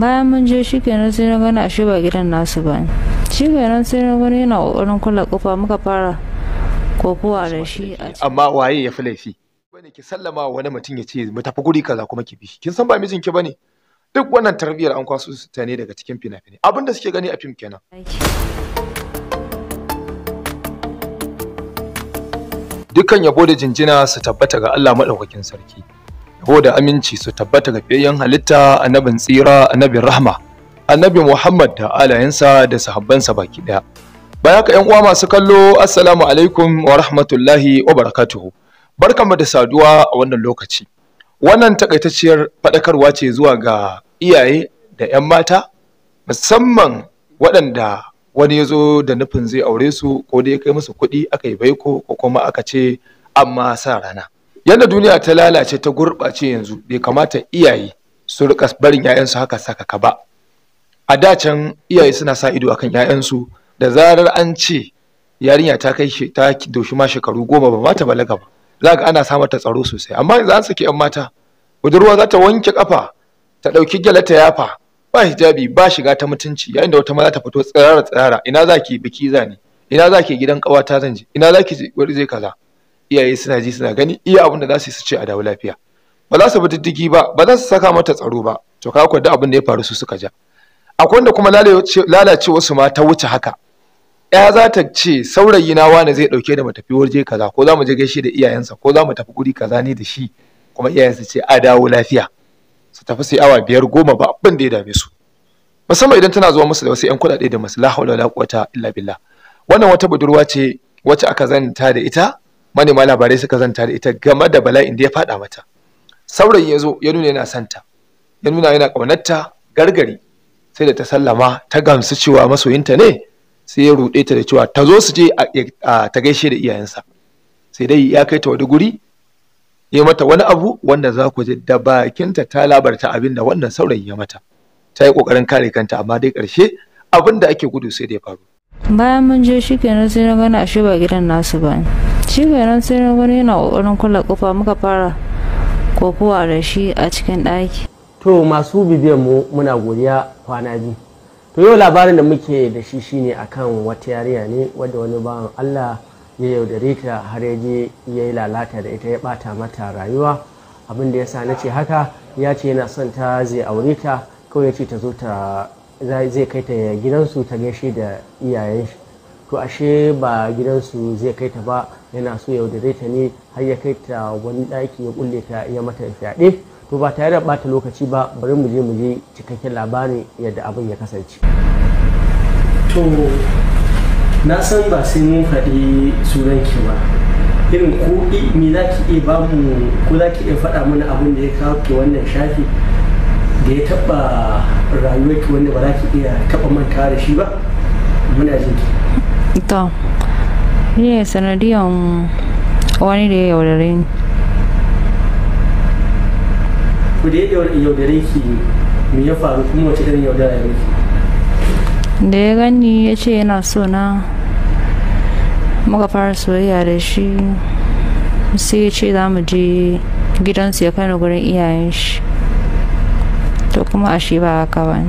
bayan mun je shi kenan sai na gani ashe ba gidan nasu ba shi kenan sai na gani yana kokarin kula kofa muka fara kokowa da shi amma waye ya fi laifi bane ki sallama wani mutum ya ce mu tafi guri kaza kuma ki bi kin san ba mijinki bane duk wannan tarbiyyar an kwaso su ta ne daga cikin fina-finai abinda suke gani a fim kenan dukkan yabo da jinjina su tabbata ga Allah maɗaukakin sarki ko da aminci su tabbata ga fiyayyen halitta annabin tsira annabin rahma annabi muhammad da alayensa da sahabbansa baki daya baya ka yan uwa masu kallo assalamu alaikum wa rahmatullahi wa barakatuhu barkanmu da saduwa a wannan lokaci wannan takaitacciyar faɗakarwa ce zuwa ga iyaye da 'yan mata musamman waɗanda wani ya zo da nufin zai aure su ko dai kai musu kuɗi aka yi baiko ko kuma aka ce amma sa rana yadda duniya ta lalace ta gurɓace yanzu bai kamata iyaye su rika barin 'ya'yansu haka sakaka ba a da can iyaye suna sa ido akan 'ya'yansu da zarar an ce yarinya ta kai ta doshi ma shekaru goma ba mata balaga ba za ga ana samar ta tsaro sosai amma yanzu an saki 'yan mata budurwa za ta wanke kafa ta ɗauki gyale ta yafa ba hijabi ba shiga ta mutunci yayin da wata maza ta fito tsirara tsirara ina za ki biki zane? ina za ki gidan ƙawata zan je ina za ki zai kaza iyaye suna ji suna gani iya abin da za su yi su ce a dawo lafiya ba za su bi diddigi ba ba za su saka mata tsaro ba to ka kwada abin da ya faru su suka ja akwai wanda kuma lalace wasu ma ta wuce haka ya za ta ce saurayi na wani zai dauke da matafi waje kaza ko za mu je gaishe da iyayensa ko za mu tafi guri kaza ne da shi kuma iyayensa ce a dawo lafiya su tafi sai awa biyar goma ba abin da ya dame su musamman idan tana zuwa musu da wasu 'yan kuɗaɗe da masu la haula la illa billah wannan wata budurwa ce wacce aka zanta da ita manema labarai suka zanta da ita game da bala'in da ya faɗa mata saurayi ya zo ya nuna yana santa ya nuna yana ƙaunarta gargari sai da ta sallama ta gamsu cewa masoyinta ne sai ya ruɗe ta da cewa ta zo su je a ta gaishe da iyayensa sai dai ya kai ta wani guri ya mata wani abu wanda za ku ji da bakinta ta labarta abin da wannan saurayi ya mata ta yi ƙoƙarin kare kanta amma dai ƙarshe abin da ake gudu sai da ya faru bayan mun je shi kenan sai na gana ashe ba gidan nasu ba ne. shi kenan sai na gani yana kokarin kula kofa muka fara kokowa da shi a cikin ɗaki to masu bibiyar mu muna godiya kwana biyu to yau labarin da muke da shi shine akan wata yariya ne wadda wani bawan Allah ya yaudare ta har ya je ya yi lalata da ita ya bata mata rayuwa abin da ya sa na ce haka ya ce yana son ta zai aure ta kawai ya ce ta zo ta zai kai ta gidansu ta gaishe da iyayen shi. to ashe ba gidansu zai kai ta ba yana so da ta ne har ya kai ta wani ɗaki ya kulle ta ya mata fyaɗe to ba tare da bata lokaci ba bari mu je mu je cikakken labarin yadda abin ya kasance to na san ba sai mun faɗi sunan ki ba irin ko me za ki iya ba mu ko za ki iya faɗa mana abin da ya kawo ki wannan shafi da ya taɓa rayuwarki wanda ba za ki iya taɓa mantawa da shi ba muna jiki. Ito ne sanadiyan wani da ya ni ku da ya si... ya faru mo rin da gani ya ce yana sona na muka fara soyayya da shi sai ya zamu za je gidansu ya iya gurin iyayen shi to kuma ashe aka haka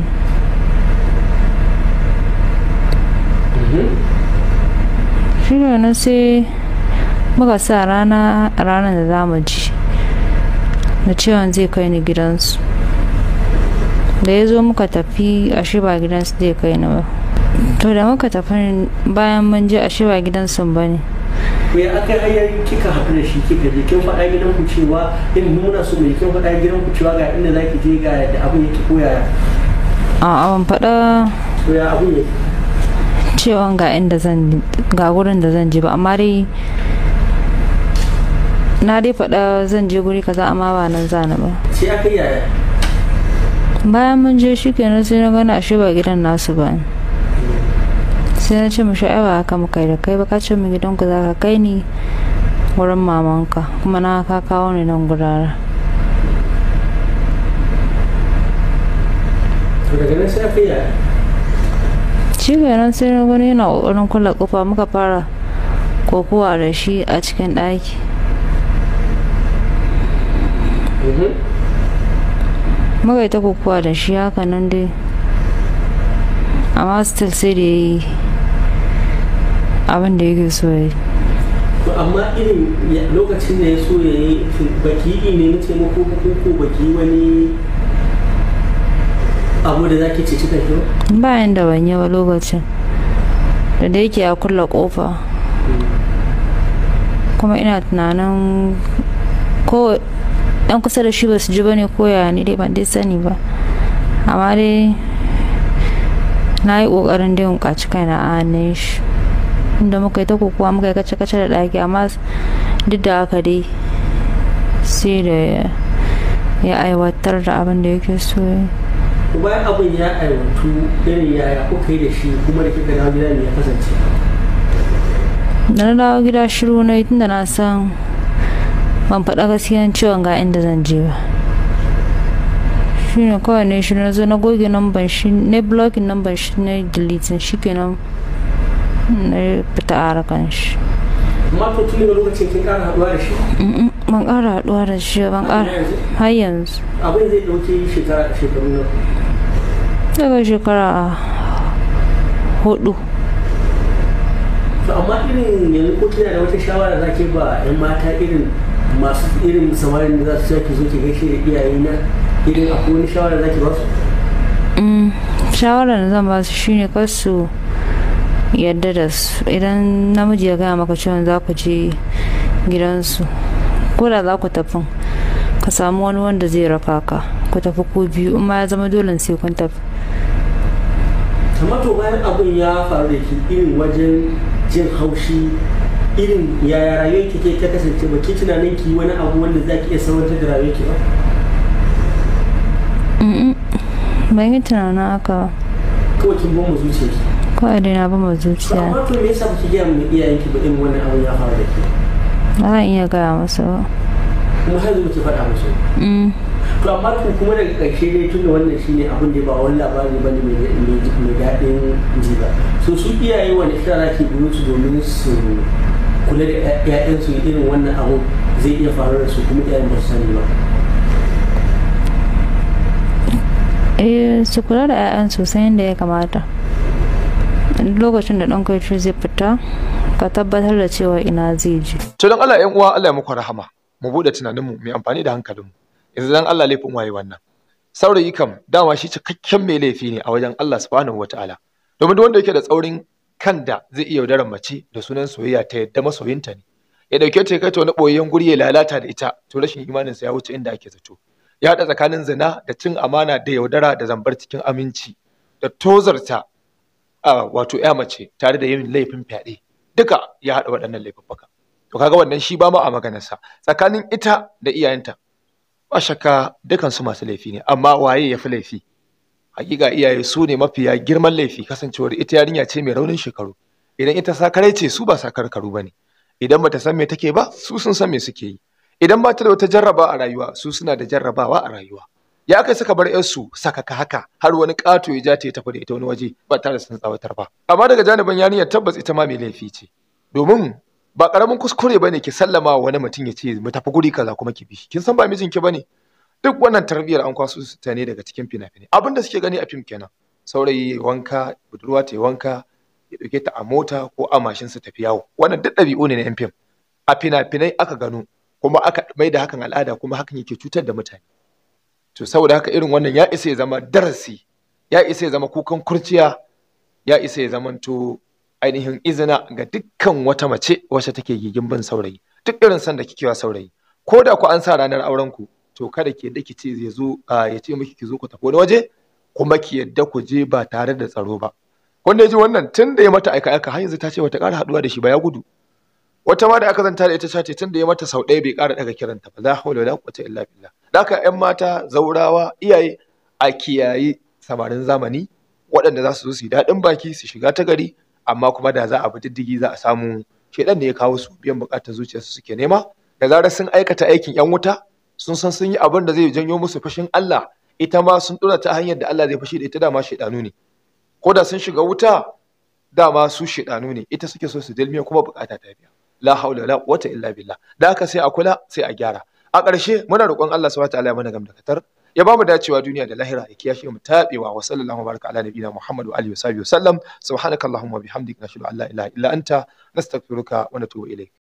nan sai muka sa rana ranar da za mu ji da cewa zai kai ni gidansu da ya zo muka tafi a ba gidansu zai kai ni ba to da muka tafi bayan mun je a ba gidansu ba ne me aka yi kika haɗu da shi kika je kin faɗa gidan ku cewa in nuna su mai kin faɗa gidan ku cewa ga inda zaki je ga da abin yake koya a ban faɗa to ya abin yake cewa ga inda zan ga gurin da zan je ba amma dai na dai faɗa zan je guri kaza amma ba nan zana ba sai aka yaya bayan mun je shi kenan sai na gana ashe ba gidan nasu ba sai na ce mu sha'a ba haka mu kai da kai ba ka ce mu gidan ku za ka kai ni wurin mamanka kuma na ka kawo ni nan gurara daga nan sai aka yaya shi kenan sai na gani yana kokarin kula kufa muka fara kokowa da shi a cikin ɗaki mhm. muka yi ta kokowa da shi haka nan dai amma still sai da ya yi abin da yake so ya yi amma irin lokacin da ya so ya yi baki ne na taimako ko baki wani abu bayan da ban yawa lokacin da da yake ya kulla kofa kuma ina tunanin ko dan kusa da shi ba su ji ba ne koya ni dai ban dai sani ba amma dai na yi kokarin dai kaci kaina a hannun shi inda muka yi ta kokowa muka yi kace kace da ɗaki amma duk da haka dai sai da ya aiwatar da abin da yake so bayan abin ya aiwatu irin yaya kuka yi da shi kuma da kika dawo gida ne ya kasance na dawo gida shiru na tun da na san ban faɗa gaskiya cewa ga inda zan je ba shine kawai ne shi na zo na goge namban shi ne blocking namban shi ne deleting shi kenan na fita a rakan shi amma ko tun daga lokacin kin kara haduwa da shi ban kara haduwa da shi ban kara har yanzu abin zai dauke shekara shekaru na daga shekara hudu amma irin yanzu ko kina da wata shawara za ke ba 'yan mata irin masu irin samarin da za su ki zo ki gaishe da iyaye na irin akwai wani shawara za ki ba su mm, shawara da zan ba su shine kar su yadda da su idan namiji ya gaya maka cewa za ku je gidansu ko da za ku tafi ka samu wani wanda zai raka ka ku tafi ko biyu in ma ya zama dole sai kun tafi kamar to bayan abin ya faru da ke irin wajen jin haushi irin yaya rayuwar ke ta kasance ba ke tunanin ki wani abu wanda za ki iya sawantar da rayuwar ki ba ban yi tunanin haka ba kawai kin bomba zuciya ki kawai dai na bomba zuciya amma to me yasa kuke gaya mun iyayen ki ba irin wannan abin ya faru da ke ba zan iya gaya musu ba kuma har yanzu ki faɗa musu to amma kuma daga ƙarshe dai tunda wannan shine abin da ba wani labari bane mai daɗin ji ba so su iyaye wani shara ke gudu su domin su kula da su irin wannan abu zai iya faru da su kuma iyayen ba su sani ba. Eh, su kula da ‘ya'yan sosai yadda ya kamata. Lokacin da ɗanka ya zai fita, ka tabbatar da cewa ina zai je. To don Allah ‘yan uwa Allah ya muku rahama, mu buɗe tunaninmu, mai amfani da hankalinmu. yanzu dan Allah laifin waye wannan saurayi kam dama shi cikakken mai laifi ne a wajen Allah subhanahu wataala domin duk wanda yake da tsaurin kan da zai iya yaudarar mace da sunan soyayya ta yadda masoyinta ne ya dauke ta kai ta wani boyayyen guri ya lalata da ita to rashin imaninsa ya wuce inda ake zato ya haɗa tsakanin zina da cin amana da yaudara da zambar cikin aminci da tozarta a wato ya mace tare da yin laifin fyaɗe duka ya haɗa waɗannan laifuffuka to kaga wannan shi ba ma a maganarsa tsakanin ita da iyayenta ba shaka dukansu masu laifi ne amma waye ya fi laifi hakika iyaye su ne mafiya girman laifi kasancewar ita yarinya ce mai raunin shekaru idan ita sakarai ce su ba sakarkaru ba ne idan bata san me take ba su sun san me suke yi idan ba ta da wata jarraba a rayuwa su suna da jarrabawa a rayuwa ya kai suka bar yarsu sakaka haka har wani kato ya ja ta tafi da ita wani waje ba tare da sun tsawatar ba amma daga janibin yarinya, tabbas ita ma mai laifi ce domin ba karamin kuskure bane ki sallama wani mutum ya ce mu tafi guri kaza kuma ki bi kin san ba mijinki bane duk wannan tarbiyar an kwaso su ta ne daga cikin fina-finai abin da suke gani a fim kenan saurayi wanka budurwa ta wanka ya dauke ta a mota ko a mashin sa tafi yawo wannan duk ɗabi'u ne na yan fim a fina-finai aka gano kuma aka mai da hakan al'ada kuma hakan yake cutar da mutane to saboda haka irin wannan ya isa ya zama darasi ya isa ya zama kukan kurciya ya isa ya zamanto ainihin izina ga dukkan wata mace wacce take gigin bin saurayi duk irin san da kike wa saurayi ko da ku an sa ranar auren ku to kada ki yadda ki zai zo ya ce miki ki zo ku tafi wani waje kuma ki yadda ku je ba tare da tsaro ba wanda ya ji wannan tun da ya mata aika aika har yanzu ta ce wata ƙara haɗuwa da shi ba ya gudu wata ma da aka zanta da ita ta ce tun da ya mata sau ɗaya bai ƙara daga kiranta ba la hawla wala quwwata illa billah haka ƴan mata zaurawa iyaye a kiyaye samarin zamani waɗanda za su zo su yi daɗin baki su shiga ta gari amma kuma da za a bi diddigi za a samu shedan da ya kawo su biyan bukatar zuciyarsu suke nema da zarar sun aikata aikin yan wuta sun san sun yi abin da zai janyo musu fashin Allah ita ma sun dora ta hanyar da Allah zai fashe da ita dama shedanu ne ko da sun shiga wuta dama su shedanu ne ita suke so su dalmiya kuma bukata ta biya la haula la quwwata illa billah da haka sai a kula sai a gyara a ƙarshe muna roƙon Allah subhanahu wa ta'ala ya mana gamdakatar ya ba mu dacewa duniya da lahira ya kiyaye mu tabewa wa sallallahu baraka ala nabiyina muhammadu wa alihi wa sahbihi wa sallam subhanakallahumma bihamdika ashhadu an la ilaha illa anta nastaghfiruka wa natubu ilayk